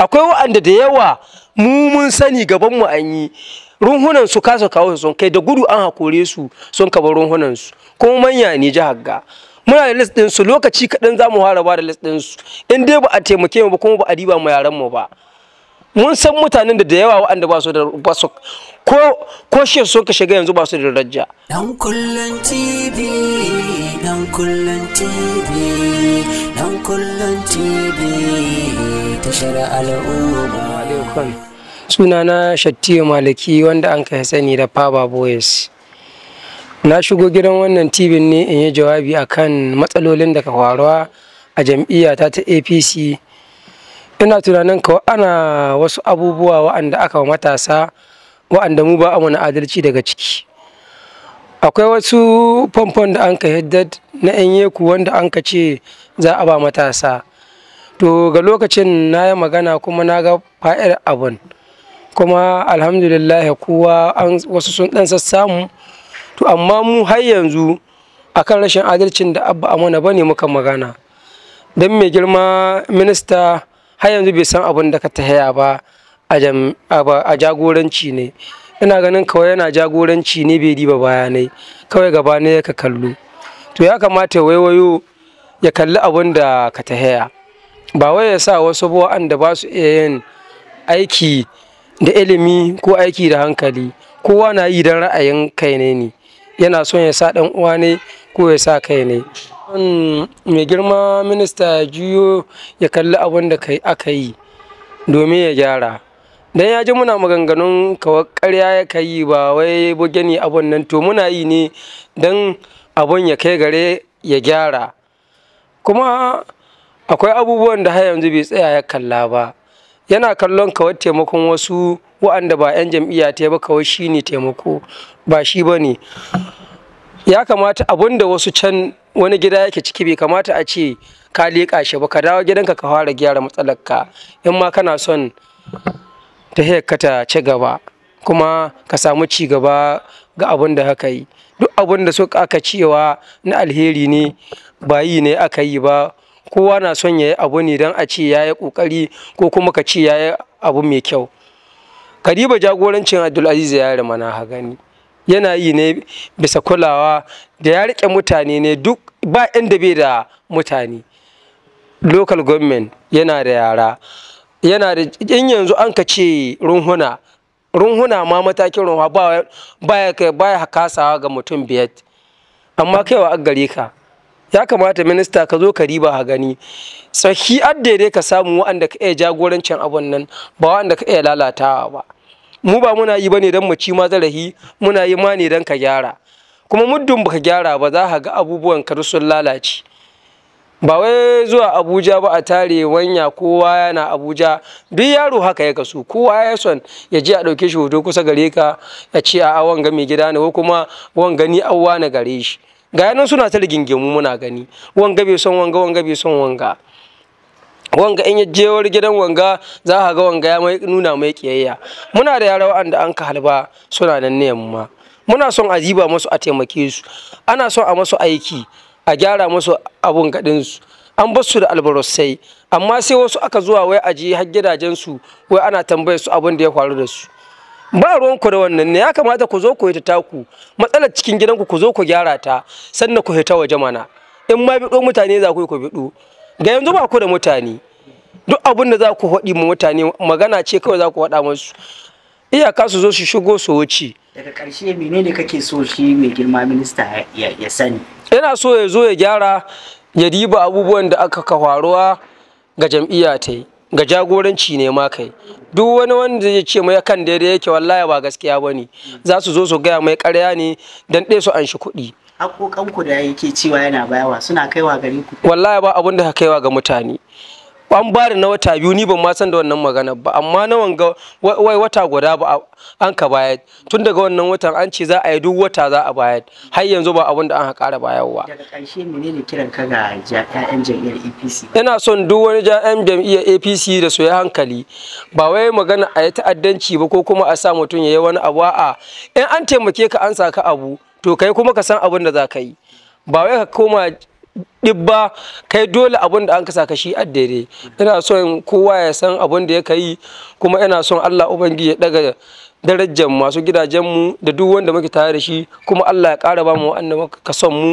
akwai wa'anda da yawa mu mun sani gaban mu an yi runhunan su kasa kawo sun kai da gudu an hakore su sun kaba runhunan su kuma manya ne jihar ga muna da list su lokaci kaɗan za mu haraba da list su in dai ba a taimake mu ba kuma ba a riba mu yaran mu ba mun san mutanen da da yawa wa'anda ba su da ba su ko ko shi so ka shiga yanzu ba su da daraja dan kullun tv dan kullun tv dan kullun tv tashar al'umma sunana shattiyo malaki wanda an kai sani da faba boys na shigo gidan wannan tibin ne in yi jawabi a kan matsalolin da ka a jam'iyyata ta apc ina tunanin kawai ana wasu abubuwa wa'anda aka wa matasa wa'anda mu ba a wani adalci daga ciki akwai wasu famfon da an ka hidda na 'yan yeku wanda an ka ce za a ba matasa to ga lokacin na yi magana kuma na ga fa'ir abun kuma alhamdulillah kowa an wasu sun ɗansa samu to amma mu har yanzu akan rashin adalcin da abba mana ba ne muka magana don mai girma minista har yanzu bai san abin da ka tahaya ba a jagoranci ne ina ganin kawai yana jagoranci ne bai diba bayanai kawai gaba ne ya ka kallo to ya kamata waiwayo ya kalli abin da ka ta haya. ba wai ya sa wasu da ba su iya yin aiki da ilimi ko aiki da hankali kowa na yi don ra'ayin kai ne ne yana son ya sa ɗan uwa ne ko ya sa kai ne mai girma minista juyo ya kalli abin da aka yi domin ya gyara dan ya ji muna maganganun kawai ƙarya ya kai ba wai buge ni abun nan to muna yi ne don abun ya kai gare ya gyara kuma akwai abubuwan da har yanzu bai tsaya ya kalla ba yana kallon kawai taimakon wasu wa'anda ba 'yan jam'iyya ta ba kawai shi ne taimako ba shi ba ne ya kamata abun da wasu can wani gida yake ciki bai kamata a ce ka leƙa shi ba ka dawo gidanka ka fara gyara matsalarka in ma kana son ta ka ta ci gaba kuma ka samu ci gaba ga abun da haka yi duk abun da suka aka cewa na alheri ne ba yi ne aka yi ba kowa na son ya yi abu ne don a ce ya yi ƙoƙari ko kuma ka ce ya yi abu mai kyau kariba jagorancin abdulaziz ya yi mana ha gani yana yi ne bisa kulawa da ya riƙe mutane ne duk ba inda bai da mutane local government yana da yara yana da in yanzu an ka ce runhuna runhuna ma matakin runwa ba ya kasawa ga mutum biyar amma kaiwa an gare ya kamata minista ka zo ka riba a gani sahi dai ka samu wa'anda ka iya jagorancin abun nan ba wa'anda ka iya lalatawa ba mu ba muna yi bane don mu ci ma zarahi muna yi ma ne don ka gyara kuma muddin baka gyara ba za ka ga abubuwan ka sun lalace ba wai zuwa abuja ba a tare wanya kowa yana abuja duk yaro haka ya kasu kowa ya son ya je a ɗauke shi hoto kusa gare ka ya ce a awon gida ne ko kuma wan gani awwa na gare shi ga yanan suna ta rigingimu muna gani wanga bai son wanga wanga bai son wanga wanga in ya jewar gidan wanga za ka ga wanga ya mai nuna mai kiyayya muna da yara wa'anda an ka halba suna nan ne yamma muna son a jiba masu a taimake su ana son a masu aiki a gyara musu abun gadin su an bar su da albarosai amma sai wasu aka zuwa wai aji har gidajen su wai ana tambayar su abin da ya faru da su ba ruwanku da wannan ne ya kamata ku zo ku ta ku, matsalar cikin gidanku ku zo ku gyara ta sannan ku hita waje mana in ma biɗo mutane za ku yi ku biɗo ga yanzu ba ku da mutane duk abin da za ku faɗi ma mutane magana ce kawai za ku faɗa musu iyaka su zo su shigo su wuce daga ƙarshe menene kake so shi mai girma minista ya sani yana so ya zo ya gyara ya diba abubuwan da aka kawaruwa ga jam'iyya ta yi ga jagoranci ne ma kai duk wani wanda zai ce mai kan daidai yake wallahi ba gaskiya bane, ne za su zo su gaya mai karya ne dan ɗaya su an shi kuɗi haƙoƙanku da yake cewa yana bayawa suna kaiwa gare ku wallahi ba abun da ka kaiwa ga mutane an bari na wata biyu ni ban ma san da wannan magana ba amma na wanga wai wata guda ba an ka bayar tun daga wannan watan an ce za a yi duk wata za a bayar har yanzu ba abin da an haƙara bayarwa daga ƙarshe menene kiran ka ga ƴaƴan jam'iyyar APC ina son duk wani ƴaƴan jam'iyyar APC da su yi hankali ba wai magana a yi ta'addanci ba ko kuma a sa mutum ya yi wani abu a in an taimake ka an saka abu to kai kuma ka san abin da za ka yi ba wai ka koma dibba kai dole abin da an kasa ka shi addere ina son kowa ya san abin da ya kai kuma ina son Allah ubangi ya daga darajar masu gidajenmu da duk wanda muke tare da shi kuma Allah ya ƙara ba mu wa'annan ka son mu